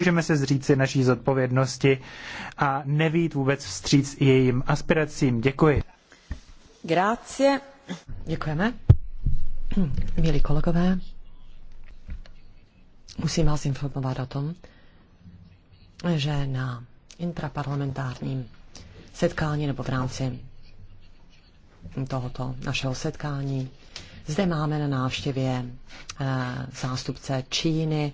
nemůžeme se zříci naší zodpovědnosti a nevít vůbec vstříc jejím aspiracím. Děkuji. Grácie. Děkujeme. Milí kolegové, musím vás informovat o tom, že na intraparlamentárním setkání nebo v rámci tohoto našeho setkání zde máme na návštěvě eh, zástupce Číny,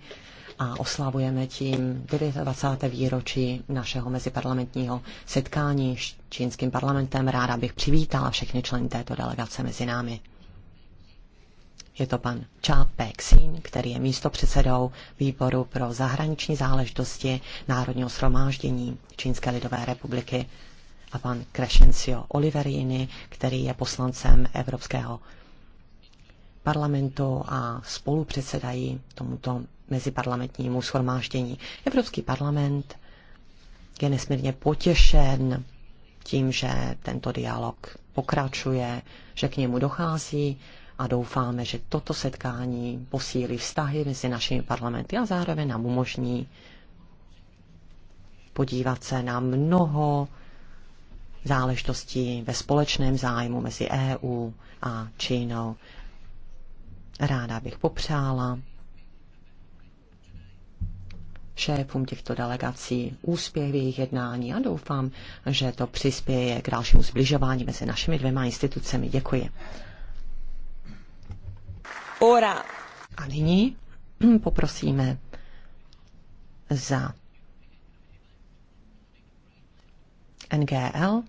a oslavujeme tím 29. výročí našeho meziparlamentního setkání s čínským parlamentem. Ráda bych přivítala všechny členy této delegace mezi námi. Je to pan Cha pek který je místopředsedou výboru pro zahraniční záležitosti Národního shromáždění Čínské lidové republiky a pan Crescencio Oliverini, který je poslancem Evropského parlamentu a spolupředsedají tomuto meziparlamentnímu schromáždění. Evropský parlament je nesmírně potěšen tím, že tento dialog pokračuje, že k němu dochází a doufáme, že toto setkání posílí vztahy mezi našimi parlamenty a zároveň nám umožní podívat se na mnoho záležitostí ve společném zájmu mezi EU a Čínou. Ráda bych popřála šéfům těchto delegací úspěch v jejich jednání a doufám, že to přispěje k dalšímu zbližování mezi našimi dvěma institucemi. Děkuji. Ora. A nyní poprosíme za NGL.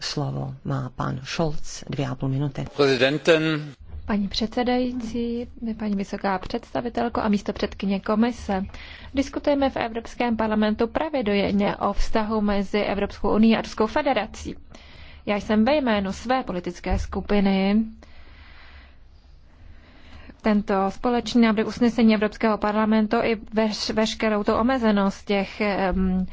Slovo má pan Scholz, dvě a půl minuty. Prezidenten. Paní předsedající, paní vysoká představitelko a místo předkyně komise, diskutujeme v Evropském parlamentu pravidelně o vztahu mezi Evropskou unii a Ruskou federací. Já jsem ve jménu své politické skupiny tento společný návrh usnesení Evropského parlamentu i veš, veškerou tu omezenost těch um,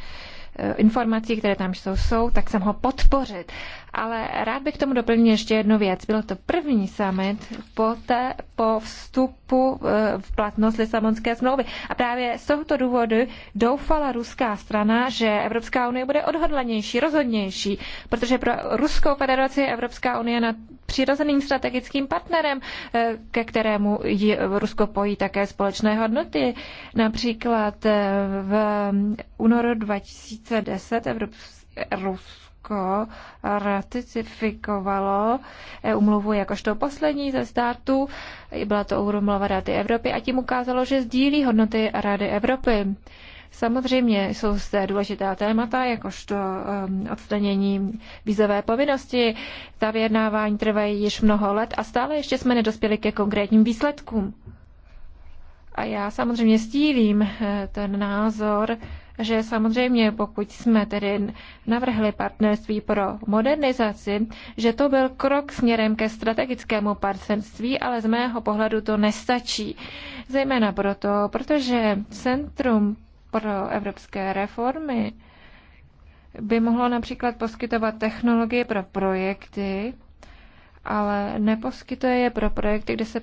informací, které tam jsou, jsou, tak jsem ho podpořit. Ale rád bych k tomu doplnil ještě jednu věc. Byl to první summit po, té, po vstupu e, v platnost Lisabonské smlouvy. A právě z tohoto důvodu doufala ruská strana, že Evropská unie bude odhodlanější, rozhodnější, protože pro Ruskou federaci je Evropská unie nad přirozeným strategickým partnerem, e, ke kterému Rusko pojí také společné hodnoty. Například e, v únoru 2010 Evropská Rusko Rusko ratifikovalo eh, umluvu jakožto poslední ze států. Byla to umluva Rady Evropy a tím ukázalo, že sdílí hodnoty Rady Evropy. Samozřejmě jsou zde důležitá témata, jakožto um, odstranění vízové povinnosti. Ta vyjednávání trvají již mnoho let a stále ještě jsme nedospěli ke konkrétním výsledkům. A já samozřejmě stílím eh, ten názor, že samozřejmě pokud jsme tedy navrhli partnerství pro modernizaci, že to byl krok směrem ke strategickému partnerství, ale z mého pohledu to nestačí. Zejména proto, protože Centrum pro evropské reformy by mohlo například poskytovat technologie pro projekty, ale neposkytuje je pro projekty, kde se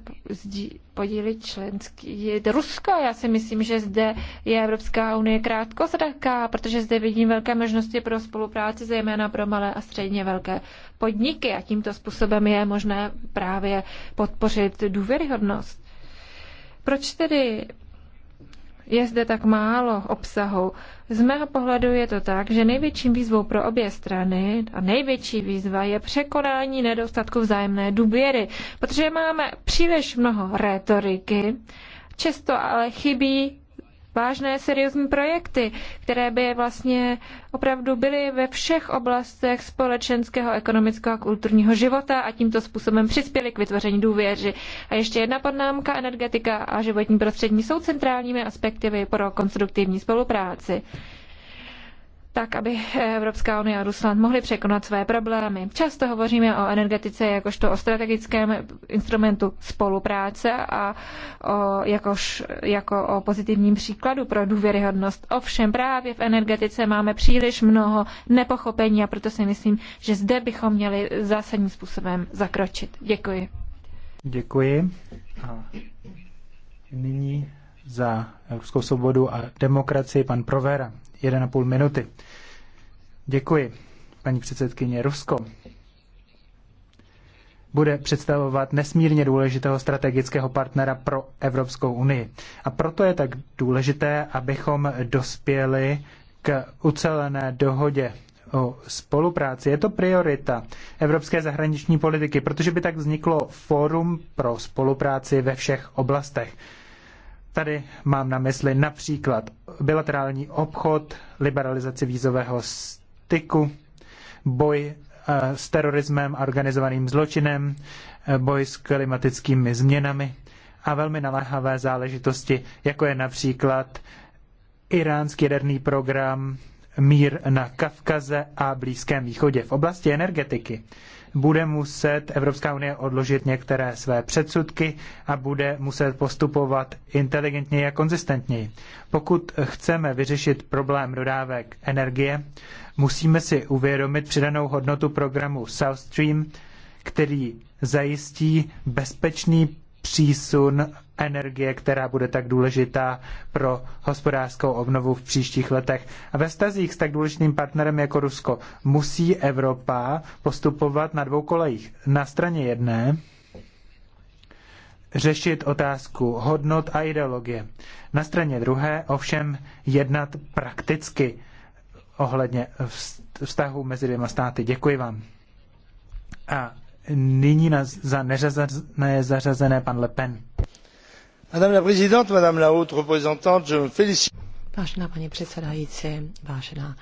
podílí členský Rusko. Já si myslím, že zde je Evropská unie krátkozraká, protože zde vidím velké možnosti pro spolupráci, zejména pro malé a středně velké podniky a tímto způsobem je možné právě podpořit důvěryhodnost. Proč tedy je zde tak málo obsahu. Z mého pohledu je to tak, že největším výzvou pro obě strany a největší výzva je překonání nedostatku vzájemné důvěry, protože máme příliš mnoho rétoriky, často ale chybí vážné, seriózní projekty, které by vlastně opravdu byly ve všech oblastech společenského, ekonomického a kulturního života a tímto způsobem přispěly k vytvoření důvěry. A ještě jedna podnámka, energetika a životní prostředí jsou centrálními aspekty pro konstruktivní spolupráci tak, aby Evropská unie a Rusland mohly překonat své problémy. Často hovoříme o energetice jakožto o strategickém instrumentu spolupráce a o, jakož, jako o pozitivním příkladu pro důvěryhodnost. Ovšem právě v energetice máme příliš mnoho nepochopení a proto si myslím, že zde bychom měli zásadním způsobem zakročit. Děkuji. Děkuji. A nyní za Evropskou svobodu a demokracii pan Provera. 1,5 minuty. Děkuji, paní předsedkyně Rusko. Bude představovat nesmírně důležitého strategického partnera pro Evropskou unii. A proto je tak důležité, abychom dospěli k ucelené dohodě o spolupráci. Je to priorita evropské zahraniční politiky, protože by tak vzniklo fórum pro spolupráci ve všech oblastech. Tady mám na mysli například bilaterální obchod, liberalizaci vízového styku, boj eh, s terorismem a organizovaným zločinem, eh, boj s klimatickými změnami a velmi naléhavé záležitosti, jako je například iránský jaderný program, mír na Kavkaze a Blízkém východě. V oblasti energetiky bude muset Evropská unie odložit některé své předsudky a bude muset postupovat inteligentněji a konzistentněji. Pokud chceme vyřešit problém dodávek energie, musíme si uvědomit přidanou hodnotu programu South Stream, který zajistí bezpečný přísun energie, která bude tak důležitá pro hospodářskou obnovu v příštích letech. A ve stazích s tak důležitým partnerem jako Rusko musí Evropa postupovat na dvou kolejích. Na straně jedné řešit otázku hodnot a ideologie. Na straně druhé ovšem jednat prakticky ohledně vztahu mezi dvěma státy. Děkuji vám. A nyní na, za nezařazené pan Le Pen. Madame la présidente, madame la haute représentante, je me félicite. Vážená paní předsedající, vážená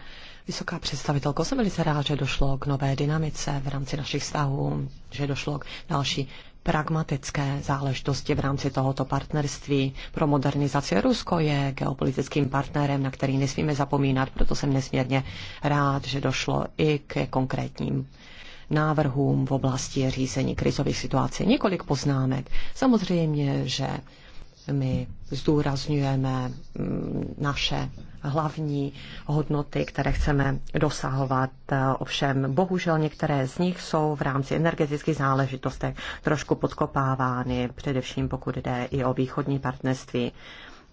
vysoká představitelko, jsem velice rád, že došlo k nové dynamice v rámci našich vztahů, že došlo k další pragmatické záležitosti v rámci tohoto partnerství pro modernizaci. Rusko je geopolitickým partnerem, na který nesmíme zapomínat, proto jsem nesmírně rád, že došlo i k konkrétním návrhům v oblasti řízení krizových situací. Několik poznámek. Samozřejmě, že my zdůrazňujeme mm, naše hlavní hodnoty, které chceme dosahovat. Ovšem, bohužel některé z nich jsou v rámci energetických záležitostech trošku podkopávány, především pokud jde i o východní partnerství.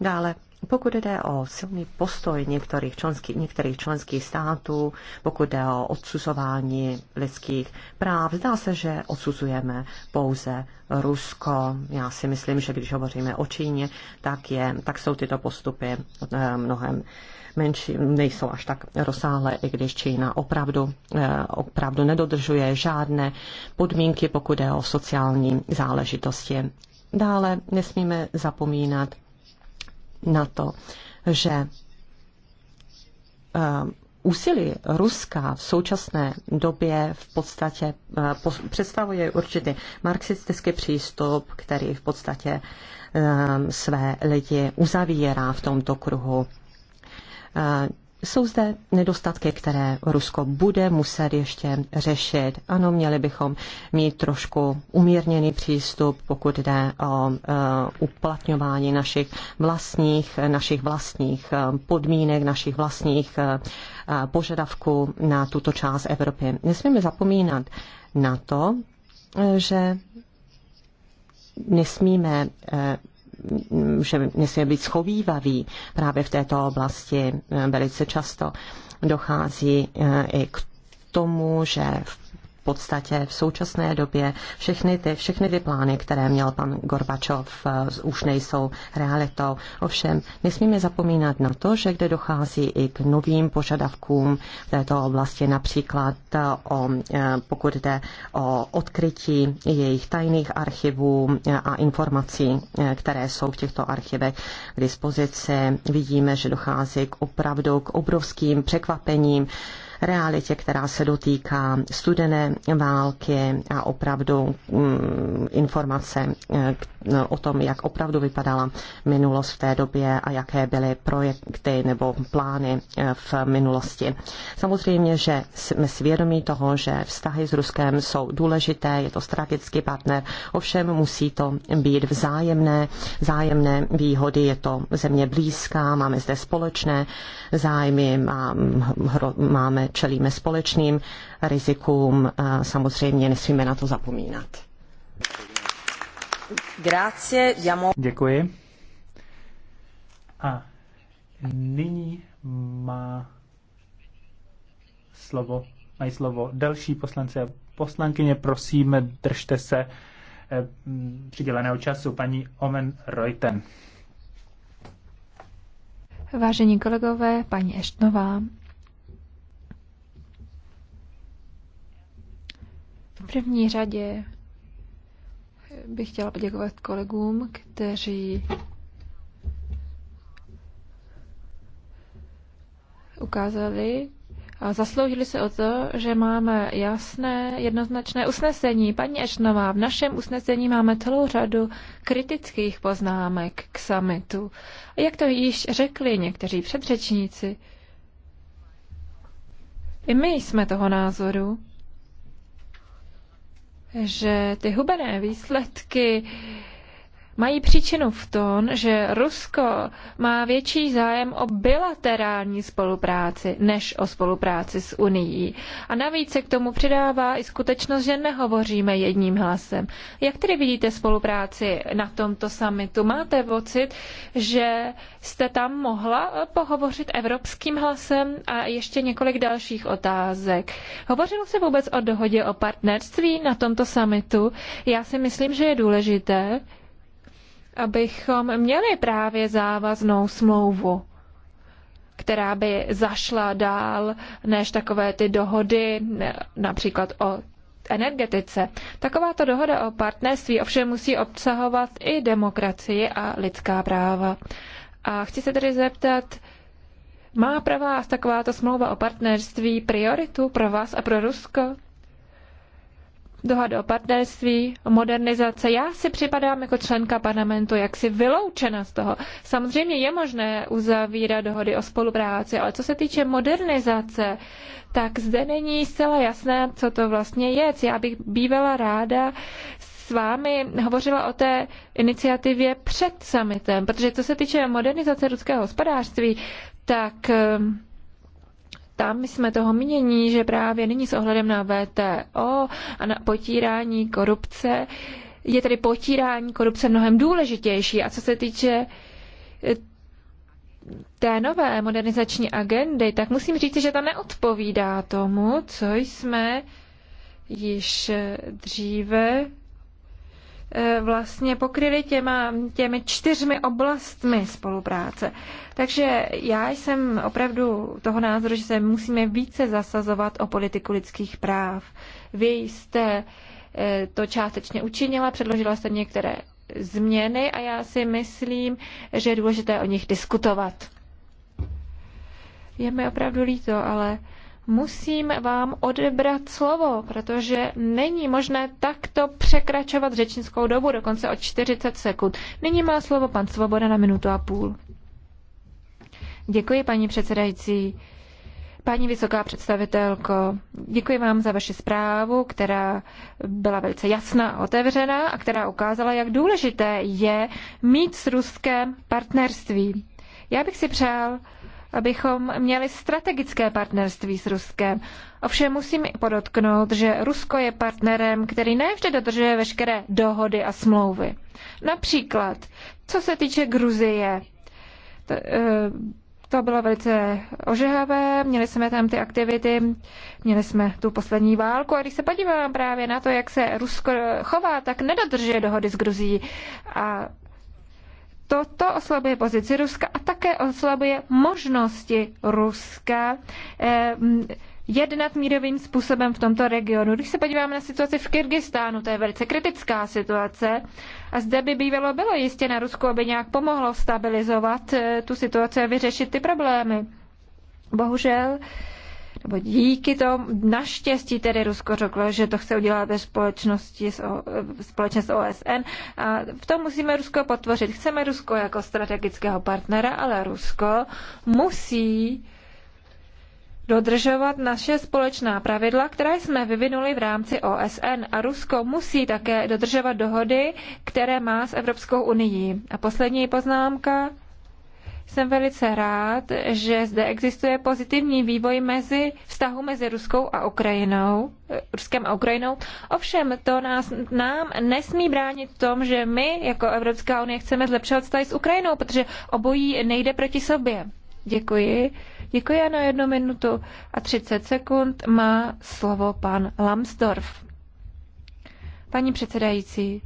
Dále, pokud jde o silný postoj některých, členských některých členských států, pokud jde o odsuzování lidských práv, zdá se, že odsuzujeme pouze Rusko. Já si myslím, že když hovoříme o Číně, tak, je, tak jsou tyto postupy eh, mnohem menší, nejsou až tak rozsáhlé, i když Čína opravdu, eh, opravdu nedodržuje žádné podmínky, pokud jde o sociální záležitosti. Dále nesmíme zapomínat na to, že eh, úsilí Ruska v současné době v podstatě eh, představuje určitý marxistický přístup, který v podstatě eh, své lidi uzavírá v tomto kruhu jsou zde nedostatky, které Rusko bude muset ještě řešit. Ano, měli bychom mít trošku umírněný přístup, pokud jde o e, uplatňování našich vlastních, našich vlastních e, podmínek, našich vlastních e, požadavků na tuto část Evropy. Nesmíme zapomínat na to, že nesmíme že musíme být schovývaví právě v této oblasti velice často dochází eh, i k tomu, že v podstatě v současné době všechny ty, všechny ty plány, které měl pan Gorbačov, eh, už nejsou realitou. Ovšem, nesmíme zapomínat na to, že kde dochází i k novým požadavkům v této oblasti, například eh, o, eh, pokud jde o odkrytí jejich tajných archivů a informací, které jsou v těchto archivech k dispozici. Vidíme, že dochází k opravdu k obrovským překvapením, realitě, která se dotýká studené války a opravdu mm, informace eh, o tom, jak opravdu vypadala minulost v té době a jaké byly projekty nebo plány eh, v minulosti. Samozřejmě, že jsme svědomí toho, že vztahy s Ruskem jsou důležité, je to strategický partner, ovšem musí to být vzájemné, vzájemné výhody, je to země blízká, máme zde společné zájmy, hm, máme čelíme společným rizikům. Samozřejmě nesmíme na to zapomínat. Děkuji. A nyní má slovo, mají slovo další poslance a poslankyně. Prosím, držte se eh, mm, přiděleného času paní Omen Reuten. Vážení kolegové, paní Eštnová, V první řadě bych chtěla poděkovat kolegům, kteří ukázali a zasloužili se o to, že máme jasné, jednoznačné usnesení. Paní Ešnová, v našem usnesení máme celou řadu kritických poznámek k summitu. A jak to již řekli někteří předřečníci, i my jsme toho názoru, že ty hubené výsledky mají příčinu v tom, že Rusko má větší zájem o bilaterální spolupráci než o spolupráci s Unií. A navíc se k tomu přidává i skutečnost, že nehovoříme jedním hlasem. Jak tedy vidíte spolupráci na tomto summitu? Máte pocit, že jste tam mohla pohovořit evropským hlasem a ještě několik dalších otázek. Hovořilo se vůbec o dohodě o partnerství na tomto summitu? Já si myslím, že je důležité, abychom měli právě závaznou smlouvu, která by zašla dál než takové ty dohody, například o energetice. Takováto dohoda o partnerství ovšem musí obsahovat i demokracii a lidská práva. A chci se tedy zeptat, má pro vás takováto smlouva o partnerství prioritu pro vás a pro Rusko? dohoda o partnerství, o modernizace. Já si připadám jako členka parlamentu jaksi vyloučena z toho. Samozřejmě je možné uzavírat dohody o spolupráci, ale co se týče modernizace, tak zde není zcela jasné, co to vlastně je. Já bych bývala ráda s vámi hovořila o té iniciativě před summitem, protože co se týče modernizace ruského hospodářství, tak eh, tam jsme toho mínění, že právě nyní s ohledem na VTO a na potírání korupce je tedy potírání korupce mnohem důležitější. A co se týče eh, té nové modernizační agendy, tak musím říct, že ta neodpovídá tomu, co jsme již eh, dříve E, vlastně pokryly těma, těmi čtyřmi oblastmi spolupráce. Takže já jsem opravdu toho názoru, že se musíme více zasazovat o politiku lidských práv. Vy jste e, to částečně učinila, předložila jste některé změny a já si myslím, že je důležité o nich diskutovat. Je mi opravdu líto, ale musím vám odebrat slovo, protože není možné takto překračovat řečnickou dobu, dokonce o 40 sekund. Nyní má slovo pan Svoboda na minutu a půl. Děkuji, paní předsedající. Paní vysoká představitelko, děkuji vám za vaši zprávu, která byla velice jasná a otevřená a která ukázala, jak důležité je mít s Ruskem partnerství. Já bych si přál, abychom měli strategické partnerství s Ruskem. Ovšem musím podotknout, že Rusko je partnerem, který nevždy dodržuje veškeré dohody a smlouvy. Například, co se týče Gruzie, to, eh, to bylo velice ožehavé, měli jsme tam ty aktivity, měli jsme tu poslední válku a když se podívám právě na to, jak se Rusko chová, tak nedodržuje dohody s Gruzií a Toto oslabuje pozici Ruska a také oslabuje možnosti Ruska eh, jednat mírovým způsobem v tomto regionu. Když se podíváme na situaci v Kyrgyzstánu, to je velice kritická situace a zde by bývalo bylo jistě na Rusku, aby nějak pomohlo stabilizovat eh, tu situaci a vyřešit ty problémy. Bohužel nebo díky tomu naštěstí tedy Rusko řeklo, že to chce udělat ve společnosti s o, společně s OSN a v tom musíme Rusko potvořit. Chceme Rusko jako strategického partnera, ale Rusko musí dodržovat naše společná pravidla, která jsme vyvinuli v rámci OSN a Rusko musí také dodržovat dohody, které má s Evropskou unii. A poslední poznámka, jsem velice rád, že zde existuje pozitivní vývoj mezi vztahu mezi Ruskou a Ukrajinou, eh, Ruskem a Ukrajinou. Ovšem, to nás, nám nesmí bránit v tom, že my jako Evropská unie chceme zlepšovat vztahy s Ukrajinou, protože obojí nejde proti sobě. Děkuji. Děkuji a na jednu minutu a 30 sekund má slovo pan Lambsdorff. Paní předsedající,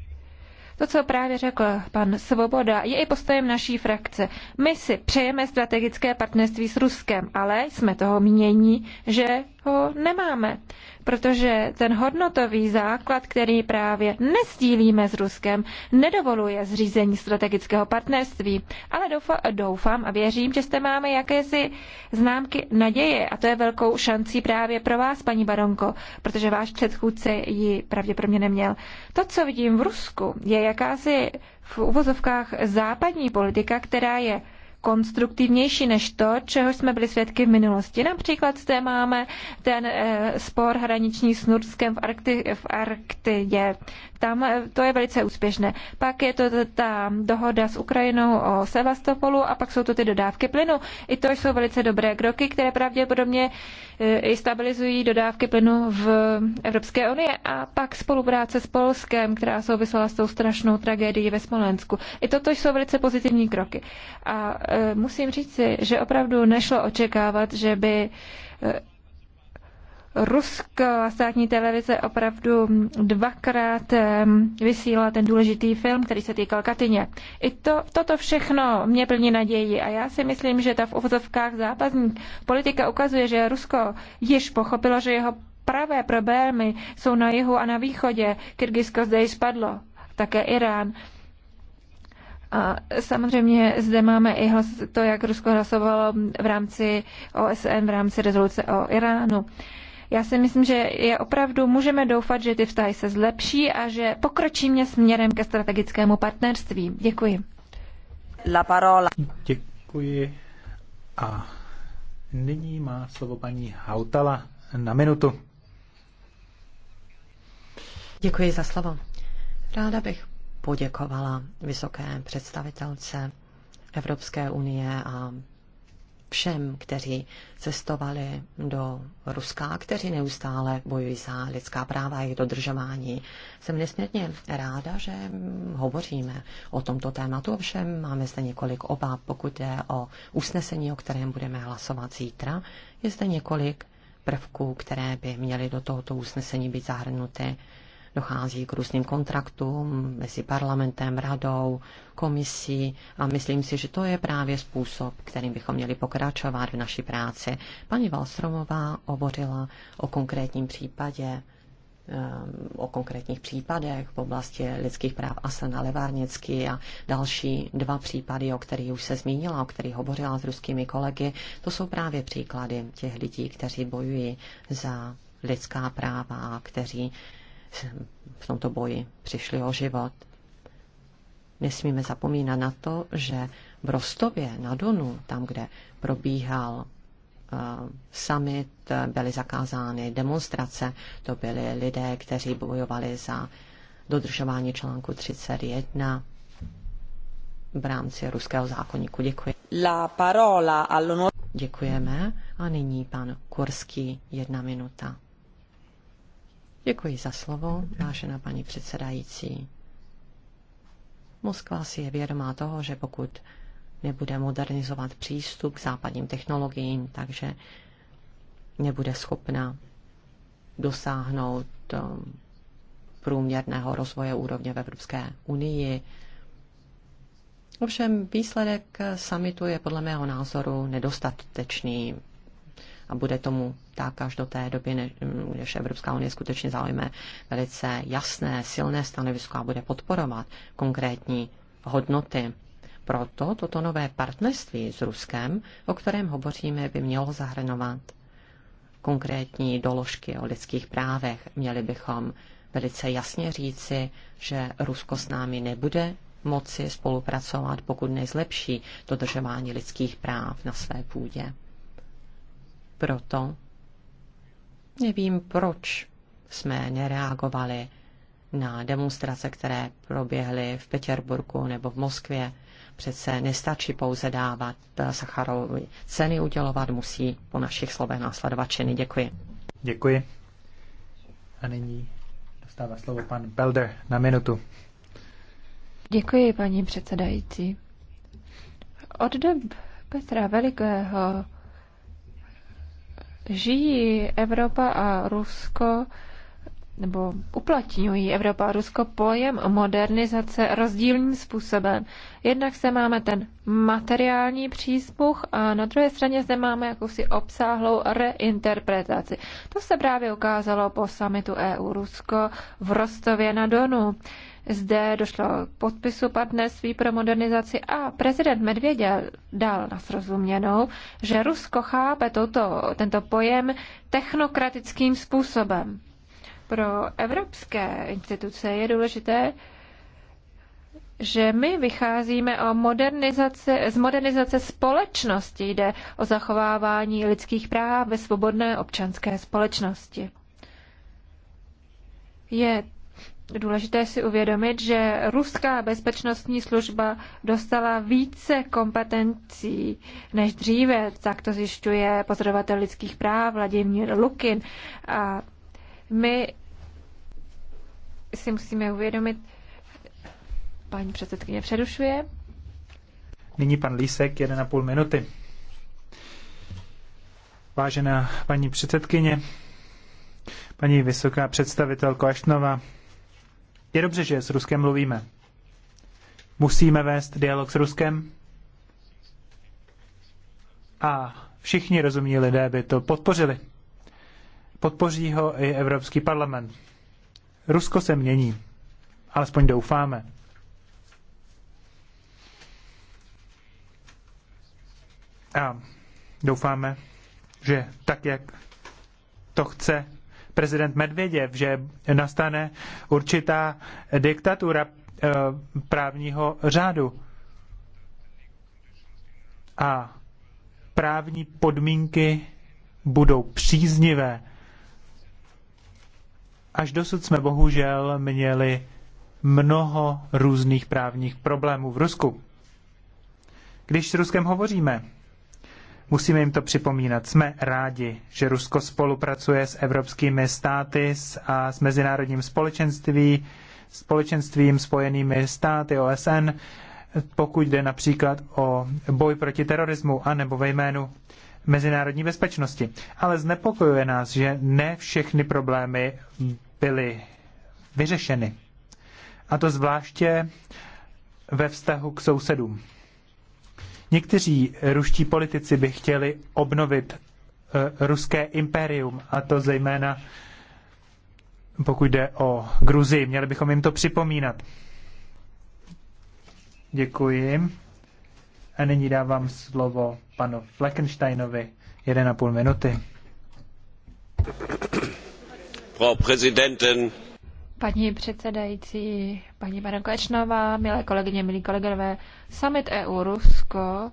to, co právě řekl pan Svoboda, je i postojem naší frakce. My si přejeme strategické partnerství s Ruskem, ale jsme toho mínění, že ho nemáme, protože ten hodnotový základ, který právě nestílíme s Ruskem, nedovoluje zřízení strategického partnerství. Ale doufám a věřím, že jste máme jakési známky naděje a to je velkou šancí právě pro vás, paní Baronko, protože váš předchůdce ji pravděpodobně neměl. To, co vidím v Rusku, je jakási v uvozovkách západní politika, která je konstruktivnější než to, čeho jsme byli svědky v minulosti. Například zde máme ten eh, spor hraniční s Nurskem v, Arkti, v Arktidě. Tam eh, to je velice úspěšné. Pak je to ta dohoda s Ukrajinou o Sevastopolu a pak jsou to ty dodávky plynu. I to jsou velice dobré kroky, které pravděpodobně eh, i stabilizují dodávky plynu v Evropské unii. A pak spolupráce s Polskem, která souvisela s tou strašnou tragédií ve Smolensku. I toto jsou velice pozitivní kroky. A eh, musím říci, že opravdu nešlo očekávat, že by ruská státní televize opravdu dvakrát vysílala ten důležitý film, který se týkal Katyně. I to, toto všechno mě plní naději a já si myslím, že ta v uvozovkách zápasní politika ukazuje, že Rusko již pochopilo, že jeho pravé problémy jsou na jihu a na východě. Kyrgyzsko zde již spadlo, také Irán. A samozřejmě zde máme i to, jak Rusko hlasovalo v rámci OSN, v rámci rezoluce o Iránu. Já si myslím, že je opravdu můžeme doufat, že ty vztahy se zlepší a že pokročíme směrem ke strategickému partnerství. Děkuji. La parola. Děkuji. A nyní má slovo paní Hautala na minutu. Děkuji za slovo. Ráda bych poděkovala vysoké představitelce Evropské unie a všem, kteří cestovali do Ruska, kteří neustále bojují za lidská práva a jejich dodržování. Jsem nesmírně ráda, že hovoříme o tomto tématu, ovšem máme zde několik obav, pokud je o usnesení, o kterém budeme hlasovat zítra. Je zde několik prvků, které by měly do tohoto usnesení být zahrnuty dochází k různým kontraktům mezi parlamentem, radou, komisí a myslím si, že to je právě způsob, kterým bychom měli pokračovat v naší práci. Paní Valstromová hovořila o konkrétním případě eh, o konkrétních případech v oblasti lidských práv Asana Levárnický a další dva případy, o kterých už se zmínila, o kterých hovořila s ruskými kolegy, to jsou právě příklady těch lidí, kteří bojují za lidská práva a kteří v tomto boji přišli o život. Nesmíme zapomínat na to, že v Rostově na Donu, tam, kde probíhal eh, summit, byly zakázány demonstrace. To byly lidé, kteří bojovali za dodržování článku 31 v rámci ruského zákonníku. Děkuji. La parola all'onor... Děkujeme. A nyní pan Kurský, jedna minuta. Děkuji za slovo, vážená paní předsedající. Moskva si je vědomá toho, že pokud nebude modernizovat přístup k západním technologiím, takže nebude schopna dosáhnout um, průměrného rozvoje úrovně v Evropské unii. Ovšem výsledek samitu je podle mého názoru nedostatečný a bude tomu tak až do té doby, než, Evropská unie skutečně zaujme velice jasné, silné stanovisko a bude podporovat konkrétní hodnoty. Proto toto nové partnerství s Ruskem, o kterém hovoříme, by mělo zahrnovat konkrétní doložky o lidských právech. Měli bychom velice jasně říci, že Rusko s námi nebude moci spolupracovat, pokud nezlepší dodržování lidských práv na své půdě. Proto nevím, proč jsme nereagovali na demonstrace, které proběhly v Petěrburku nebo v Moskvě. Přece nestačí pouze dávat Sacharovi ceny udělovat, musí po našich slovech následovat činy. Děkuji. Děkuji. A nyní dostává slovo pan Belder na minutu. Děkuji, paní předsedající. Od dob Petra Velikého žijí Evropa a Rusko nebo uplatňují Evropa a Rusko pojem modernizace rozdílným způsobem. Jednak se máme ten materiální příspuch a na druhé straně zde máme jakousi obsáhlou reinterpretaci. To se právě ukázalo po samitu EU-Rusko v Rostově na Donu. Zde došlo k podpisu partnerství pro modernizaci a prezident Medvěděl dal na srozuměnou, že Rusko chápe toto, tento pojem technokratickým způsobem. Pro evropské instituce je důležité, že my vycházíme o modernizaci, z modernizace společnosti, jde o zachovávání lidských práv ve svobodné občanské společnosti. Je důležité si uvědomit, že ruská bezpečnostní služba dostala více kompetencí než dříve, tak to zjišťuje pozorovatel lidských práv Vladimír Lukin. A my si musíme uvědomit, paní předsedkyně přerušuje. Nyní pan Lísek, 1,5 minuty. Vážená paní předsedkyně, paní vysoká představitelko Ašnova, je dobře, že s Ruskem mluvíme. Musíme vést dialog s Ruskem a všichni rozumní lidé by to podpořili. Podpoří ho i Evropský parlament. Rusko se mění, alespoň doufáme. A doufáme, že tak, jak to chce prezident Medvěděv, že nastane určitá diktatura eh, právního řádu. A právní podmínky budou příznivé. Až dosud jsme bohužel měli mnoho různých právních problémů v Rusku. Když s Ruskem hovoříme, Musíme jim to připomínat. Jsme rádi, že Rusko spolupracuje s evropskými státy a s mezinárodním společenství, společenstvím spojenými státy OSN, pokud jde například o boj proti terorismu anebo ve jménu mezinárodní bezpečnosti. Ale znepokojuje nás, že ne všechny problémy byly vyřešeny. A to zvláště ve vztahu k sousedům. Někteří ruští politici by chtěli obnovit eh, ruské impérium, a to zejména pokud jde o Gruzii. Měli bychom jim to připomínat. Děkuji. A nyní dávám slovo panu Fleckensteinovi. 1,5 minuty. Frau Präsidentin, Paní předsedající, paní Barankočnová, milé kolegyně, milí kolegové, summit EU-Rusko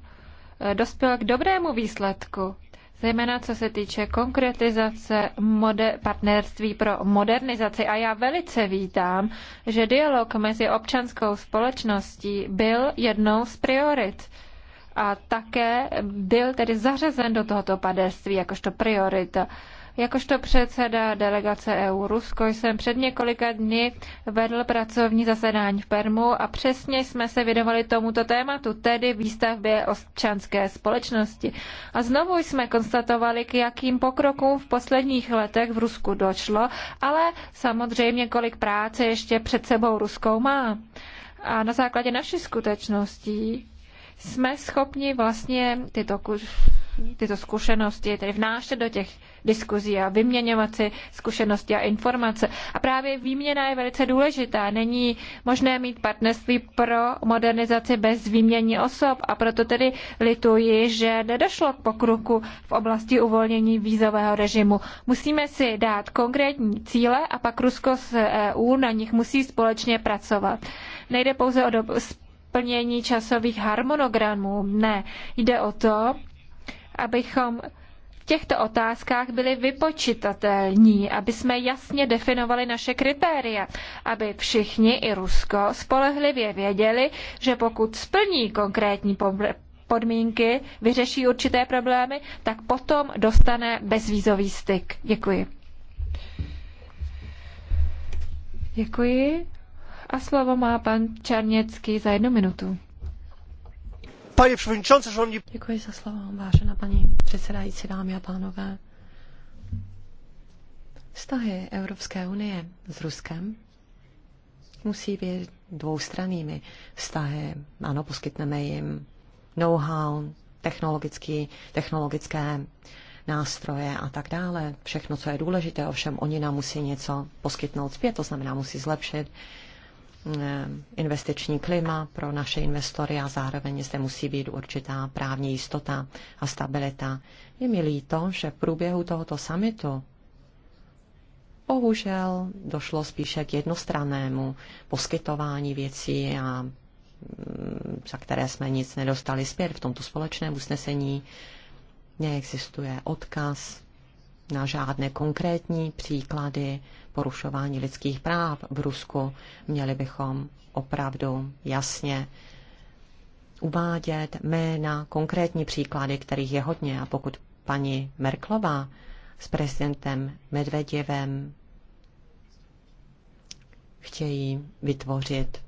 eh, dospěl k dobrému výsledku, zejména co se týče konkretizace moder- partnerství pro modernizaci. A já velice vítám, že dialog mezi občanskou společností byl jednou z priorit a také byl tedy zařazen do tohoto partnerství jakožto priorita. Jakožto předseda delegace EU Rusko jsem před několika dny vedl pracovní zasedání v Permu a přesně jsme se věnovali tomuto tématu, tedy výstavbě občanské společnosti. A znovu jsme konstatovali, k jakým pokrokům v posledních letech v Rusku došlo, ale samozřejmě kolik práce ještě před sebou Ruskou má. A na základě našich skutečností jsme schopni vlastně tyto tyto zkušenosti, tedy vnášet do těch diskuzí a vyměňovat si zkušenosti a informace. A právě výměna je velice důležitá. Není možné mít partnerství pro modernizaci bez výměny osob a proto tedy lituji, že nedošlo k pokroku v oblasti uvolnění vízového režimu. Musíme si dát konkrétní cíle a pak Rusko s EU na nich musí společně pracovat. Nejde pouze o do splnění časových harmonogramů. Ne, jde o to, abychom v těchto otázkách byli vypočitatelní, aby jsme jasně definovali naše kritéria, aby všichni i Rusko spolehlivě věděli, že pokud splní konkrétní podmínky, vyřeší určité problémy, tak potom dostane bezvízový styk. Děkuji. Děkuji. A slovo má pan Čarněcký za jednu minutu. Pane předsedající, šrovní... Děkuji za slovo, vážená paní předsedající, dámy a pánové. Vztahy Evropské unie s Ruskem musí být dvoustrannými vztahy. Ano, poskytneme jim know-how, technologické nástroje a tak dále. Všechno, co je důležité, ovšem oni nám musí něco poskytnout zpět, to znamená musí zlepšit Eh, investiční klima pro naše investory a zároveň zde musí být určitá právní jistota a stabilita. Je mi líto, že v průběhu tohoto samitu bohužel došlo spíše k jednostrannému poskytování věcí a mm, za které jsme nic nedostali zpět. V tomto společném usnesení neexistuje odkaz na žádné konkrétní příklady porušování lidských práv v Rusku. Měli bychom opravdu jasně uvádět jména, konkrétní příklady, kterých je hodně. A pokud paní Merklová s prezidentem Medvedevem chtějí vytvořit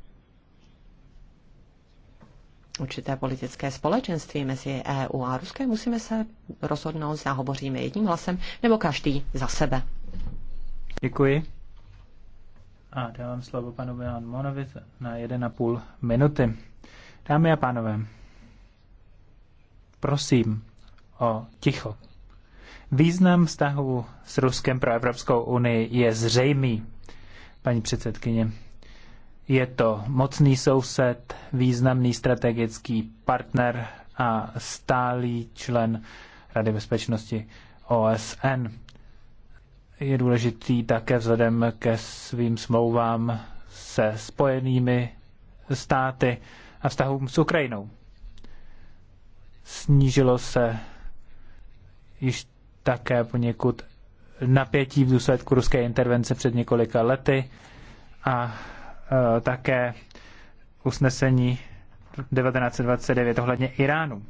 určité politické společenství mezi EU a Ruskem, musíme se rozhodnout, zda hovoříme jedním hlasem nebo každý za sebe. Děkuji. A dávám slovo panu Milan Monovi na 1,5 minuty. Dámy a pánové, prosím o ticho. Význam vztahu s Ruskem pro Evropskou unii je zřejmý, paní předsedkyně. Je to mocný soused, významný strategický partner a stálý člen Rady bezpečnosti OSN. Je důležitý také vzhledem ke svým smlouvám se spojenými státy a vztahům s Ukrajinou. Snížilo se již také poněkud napětí v důsledku ruské intervence před několika lety a Eh, také usnesení 1929 ohledně Iránu.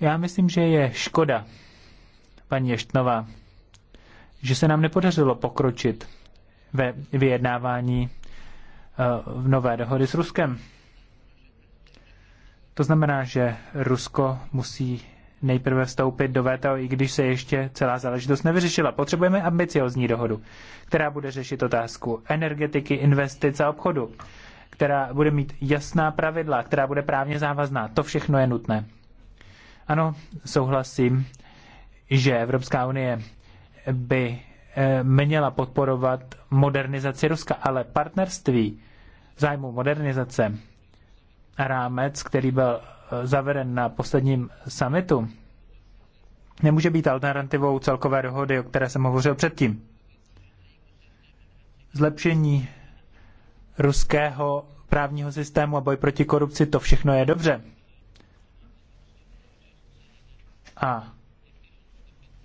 Já myslím, že je škoda, paní Ještnova, že se nám nepodařilo pokročit ve vyjednávání eh, v nové dohody s Ruskem. To znamená, že Rusko musí nejprve vstoupit do VTO, i když se ještě celá záležitost nevyřešila. Potřebujeme ambiciozní dohodu, která bude řešit otázku energetiky, investice a obchodu, která bude mít jasná pravidla, která bude právně závazná. To všechno je nutné. Ano, souhlasím, že Evropská unie by eh, měla podporovat modernizaci Ruska, ale partnerství zájmu modernizace a rámec, který byl zaveden na posledním summitu, nemůže být alternativou celkové dohody, o které jsem hovořil předtím. Zlepšení ruského právního systému a boj proti korupci, to všechno je dobře. A,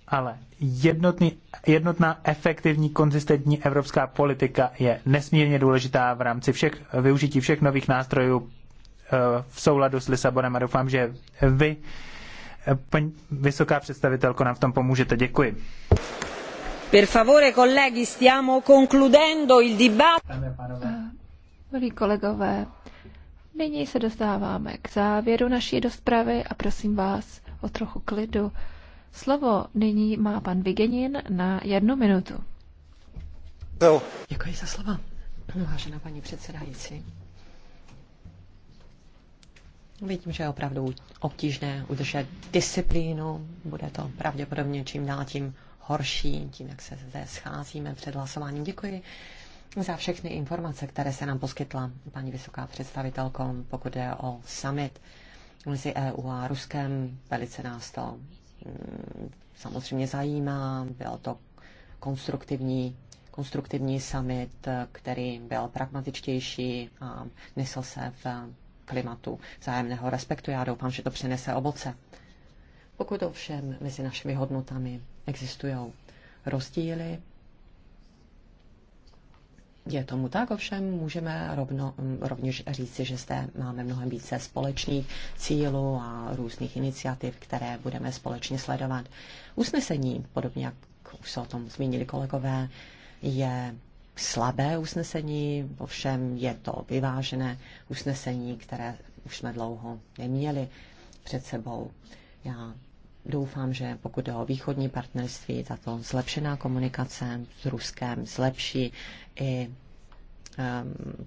ale jednotný, jednotná efektivní, konzistentní evropská politika je nesmírně důležitá v rámci všech, využití všech nových nástrojů v souladu s Lisabonem a doufám, že vy, paní vysoká představitelko, nám v tom pomůžete. Děkuji. Per favore, colleghi, stiamo concludendo il dibattito. Eh, milí kolegové, nyní se dostáváme k závěru naší rozpravy a prosím vás o trochu klidu. Slovo nyní má pan Vigenin na jednu minutu. Děkuji za slova, vážená paní předsedající. Vidím, že je opravdu obtížné udržet disciplínu. Bude to pravděpodobně čím dál tím horší, tím, jak se zde scházíme před hlasováním. Děkuji za všechny informace, které se nám poskytla paní vysoká představitelko, pokud je o summit mezi EU a Ruskem. Velice nás to mm, samozřejmě zajímá. Byl to konstruktivní, konstruktivní summit, který byl pragmatičtější a nesl se v klimatu, vzájemného respektu. Já doufám, že to přinese ovoce. Pokud ovšem mezi našimi hodnotami existují rozdíly, je tomu tak, ovšem můžeme rovno, rovněž říci, že zde máme mnohem více společných cílů a různých iniciativ, které budeme společně sledovat. Usnesení, podobně jak už se o tom zmínili kolegové, je slabé usnesení, ovšem je to vyvážené usnesení, které už jsme dlouho neměli před sebou. Já doufám, že pokud je o východní partnerství, tato zlepšená komunikace s Ruskem zlepší i um,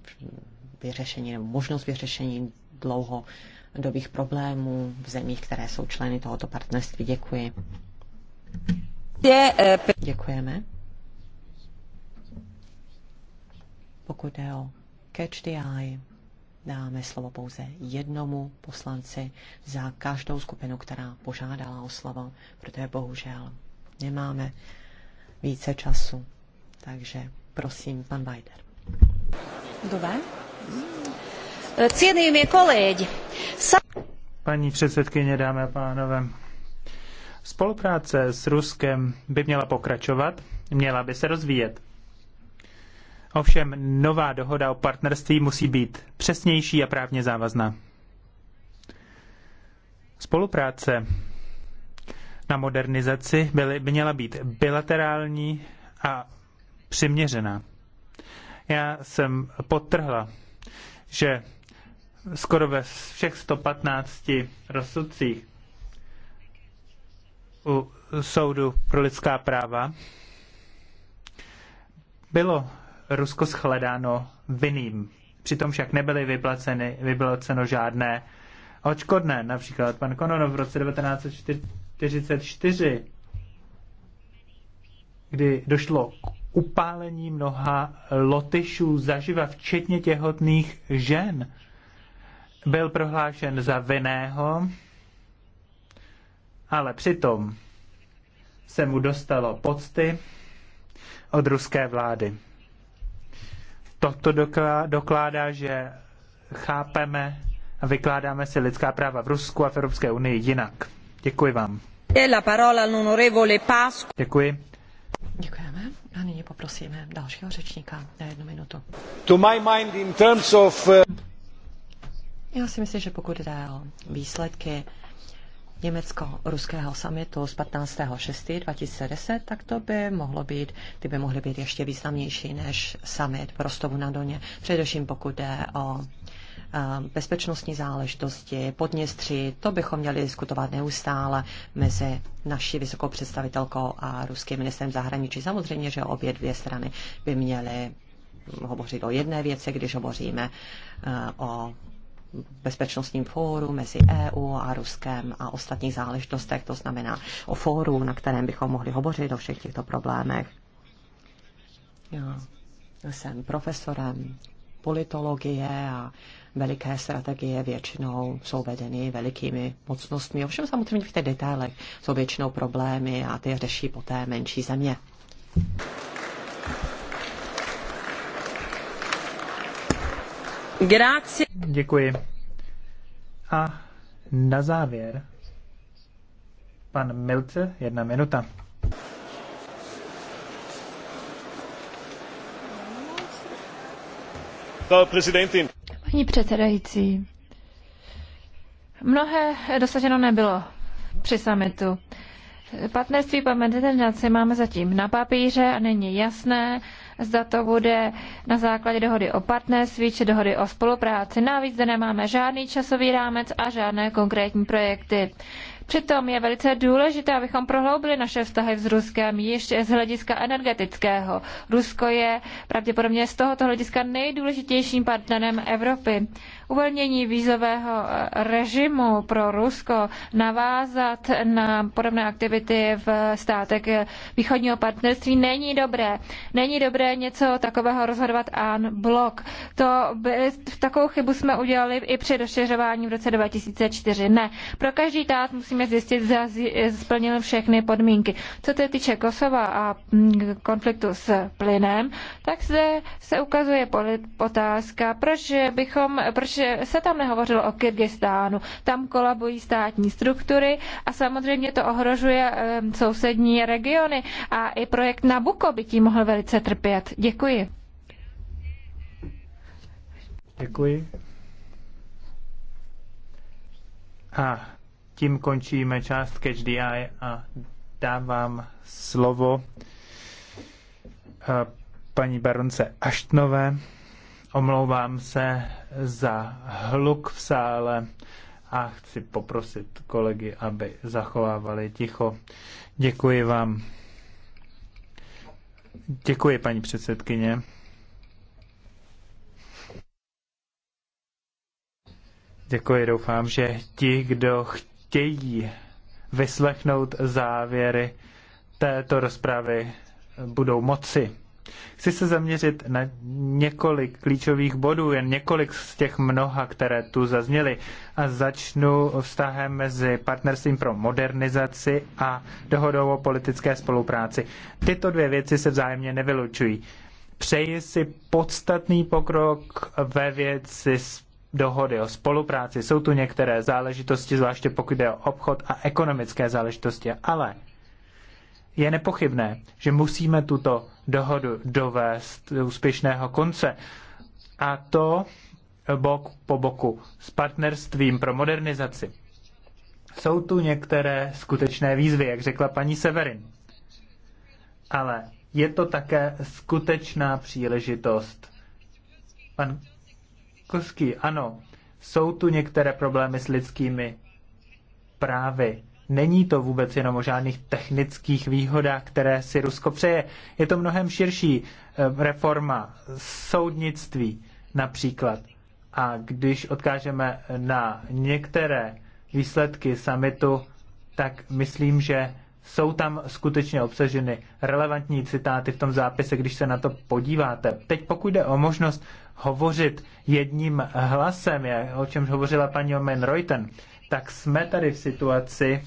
vyřešení nebo možnost vyřešení dlouhodobých problémů v zemích, které jsou členy tohoto partnerství. Děkuji. Děkujeme. Pokud jde o catch the eye, dáme slovo pouze jednomu poslanci za každou skupinu, která požádala o slovo, protože bohužel nemáme více času. Takže prosím, pan Bajder. Dobré. je kolēģi. Paní předsedkyně, dámy a pánové, spolupráce s Ruskem by měla pokračovat, měla by se rozvíjet. Ovšem nová dohoda o partnerství musí být přesnější a právně závazná. Spolupráce na modernizaci byly, by měla být bilaterální a přiměřená. Já jsem potrhla, že skoro ve všech 115 rozsudcích u Soudu pro lidská práva bylo Rusko shledáno vinným. Přitom však nebyly vyplaceny, vyplaceno žádné odškodné. Například pan Kononov v roce 1944, kdy došlo k upálení mnoha lotyšů zaživa, včetně těhotných žen, byl prohlášen za vinného, ale přitom se mu dostalo pocty od ruské vlády. Toto dokládá, že chápeme a vykládáme si lidská práva v Rusku a v Evropské unii jinak. Děkuji vám. Děkuji. Děkujeme. A nyní poprosíme dalšího řečníka na jednu minutu. To my mind in terms of... Eh, Já si myslím, že pokud jde o výsledky německo-ruského samitu z 15.6.2010, tak to by mohlo být, ty by mohly být ještě významnější než summit v Rostovu na Doně, především pokud jde o eh, bezpečnostní záležitosti, podněstří, to bychom měli diskutovat neustále mezi naší vysokou představitelkou a ruským ministrem zahraničí. Samozřejmě, že obě dvě strany by měly hovořit o jedné věci, když hovoříme eh, o bezpečnostním fóru mezi EU a Ruskem a ostatních záležitostech, to znamená o fóru, na kterém bychom mohli hovořit o všech těchto problémech. Já jsem profesorem politologie a veliké strategie většinou jsou vedeny velikými mocnostmi. Ovšem samozřejmě v těch detailech jsou většinou problémy a ty řeší poté menší země. Děkuji. A na závěr pan Milce, jedna minuta. Paní předsedající, mnohé dosaženo nebylo při summitu. Partnerství pan meditaci máme zatím na papíře a není jasné, zda to bude na základě dohody o partnerství či dohody o spolupráci. Navíc zde nemáme žádný časový rámec a žádné konkrétní projekty. Přitom je velice důležité, abychom prohloubili naše vztahy s Ruskem již z hlediska energetického. Rusko je pravděpodobně z tohoto hlediska nejdůležitějším partnerem Evropy uvolnění vízového eh, režimu pro Rusko navázat na podobné aktivity v státech eh, východního partnerství není dobré. Není dobré něco takového rozhodovat an blok. To by, takovou chybu jsme udělali i při rozšiřování v roce 2004. Ne. Pro každý stát musíme zjistit, zda eh, splnil všechny podmínky. Co se týče Kosova a mm, konfliktu s plynem, tak se, se ukazuje otázka, proč bychom, proč že se tam nehovořilo o Kyrgyzstánu? Tam kolabují státní struktury a samozřejmě to ohrožuje sousední regiony a i projekt Nabuko by tím mohl velice trpět. Děkuji. Děkuji. A tím končíme část Catch a dávám slovo eh, paní baronce Aštnové. Omlouvám se za hluk v sále a chci poprosit kolegy, aby zachovávali ticho. Děkuji vám. Děkuji, paní předsedkyně. Děkuji, doufám, že ti, kdo chtějí vyslechnout závěry této rozpravy, budou moci. Chci se zaměřit na několik klíčových bodů, jen několik z těch mnoha, které tu zazněly. A začnu vztahem mezi partnerstvím pro modernizaci a dohodou o politické spolupráci. Tyto dvě věci se vzájemně nevylučují. Přeji si podstatný pokrok ve věci dohody o spolupráci. Jsou tu některé záležitosti, zvláště pokud jde o obchod a ekonomické záležitosti, ale je nepochybné, že musíme tuto dohodu dovést do úspěšného konce. A to bok po boku s partnerstvím pro modernizaci. Jsou tu některé skutečné výzvy, jak řekla paní Severin. Ale je to také skutečná příležitost. Pan Kosky, ano, jsou tu některé problémy s lidskými právy, Není to vůbec jenom o žádných technických výhodách, které si Rusko přeje. Je to mnohem širší eh, reforma soudnictví například. A když odkážeme na některé výsledky samitu, tak myslím, že jsou tam skutečně obsaženy relevantní citáty v tom zápise, když se na to podíváte. Teď pokud jde o možnost hovořit jedním hlasem, o čem hovořila paní Omen Reuten, tak jsme tady v situaci,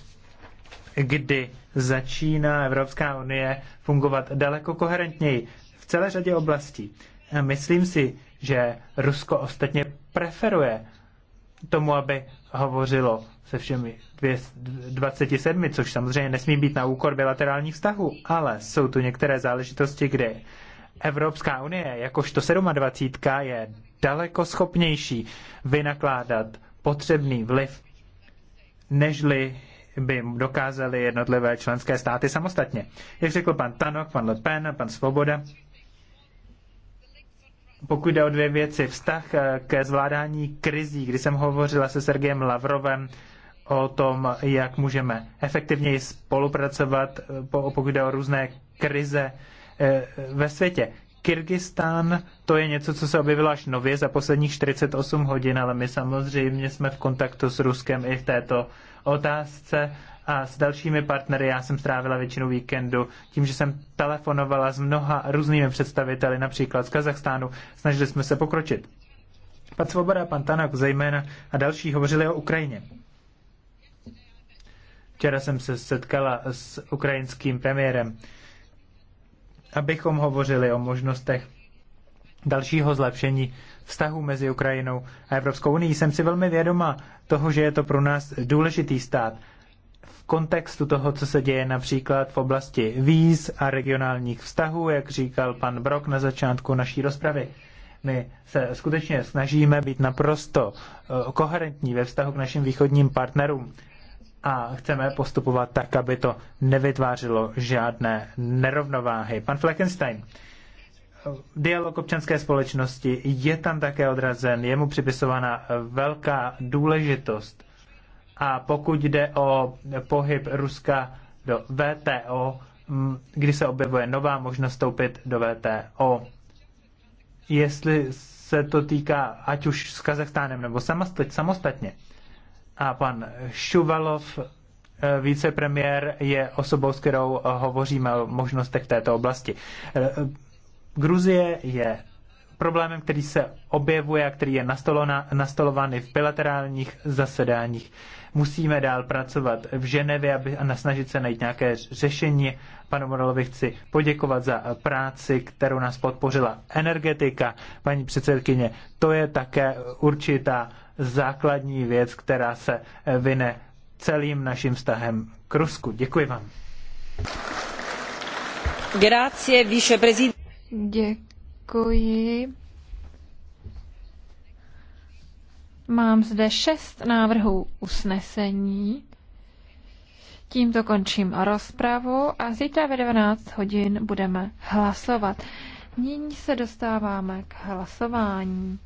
kdy začíná Evropská unie fungovat daleko koherentněji v celé řadě oblastí. A myslím si, že Rusko ostatně preferuje tomu, aby hovořilo se všemi 27, což samozřejmě nesmí být na úkor bilaterálních vztahů, ale jsou tu některé záležitosti, kde Evropská unie, jakožto 27, je daleko schopnější vynakládat potřebný vliv, nežli by dokázaly jednotlivé členské státy samostatně. Jak řekl pan Tanok, pan Le Pen, pan Svoboda, pokud jde o dvě věci, vztah eh, ke zvládání krizí, kdy jsem hovořila se Sergejem Lavrovem o tom, jak můžeme efektivněji spolupracovat, eh, pokud jde o různé krize eh, ve světě. Kyrgyzstán, to je něco, co se objevilo až nově za posledních 48 hodin, ale my samozřejmě jsme v kontaktu s Ruskem i v této otázce a s dalšími partnery. Já jsem strávila většinu víkendu tím, že jsem telefonovala s mnoha různými představiteli, například z Kazachstánu. Snažili jsme se pokročit. Pan Svoboda, pan Tanak zejména a další hovořili o Ukrajině. Včera jsem se setkala s ukrajinským premiérem, abychom hovořili o možnostech dalšího zlepšení vztahu mezi Ukrajinou a Evropskou unii. Jsem si velmi vědoma toho, že je to pro nás důležitý stát v kontextu toho, co se děje například v oblasti víz a regionálních vztahů, jak říkal pan Brok na začátku naší rozpravy. My se skutečně snažíme být naprosto eh, koherentní ve vztahu k našim východním partnerům a chceme postupovat tak, aby to nevytvářelo žádné nerovnováhy. Pan Fleckenstein, dialog občanské společnosti je tam také odrazen, je mu připisována velká důležitost. A pokud jde o pohyb Ruska do VTO, kdy se objevuje nová možnost vstoupit do VTO, jestli se to týká ať už s Kazachstánem nebo samostatně. A pan Šuvalov, eh, vicepremiér, je osobou, s kterou hovoříme o možnostech této oblasti. Eh, Gruzie je problémem, který se objevuje a který je nastolován i v bilaterálních zasedáních. Musíme dál pracovat v Ženevě aby, a nasnažit se najít nějaké řešení. Panu Morelovi chci poděkovat za práci, kterou nás podpořila energetika. Paní předsedkyně, to je také určitá základní věc, která se vyne celým naším vztahem k Rusku. Děkuji vám. Grazie, viceprezident. Děkuji. Mám zde šest návrhů usnesení. Tímto končím rozpravu a zítra ve 12 hodin budeme hlasovat. Nyní se dostáváme k hlasování.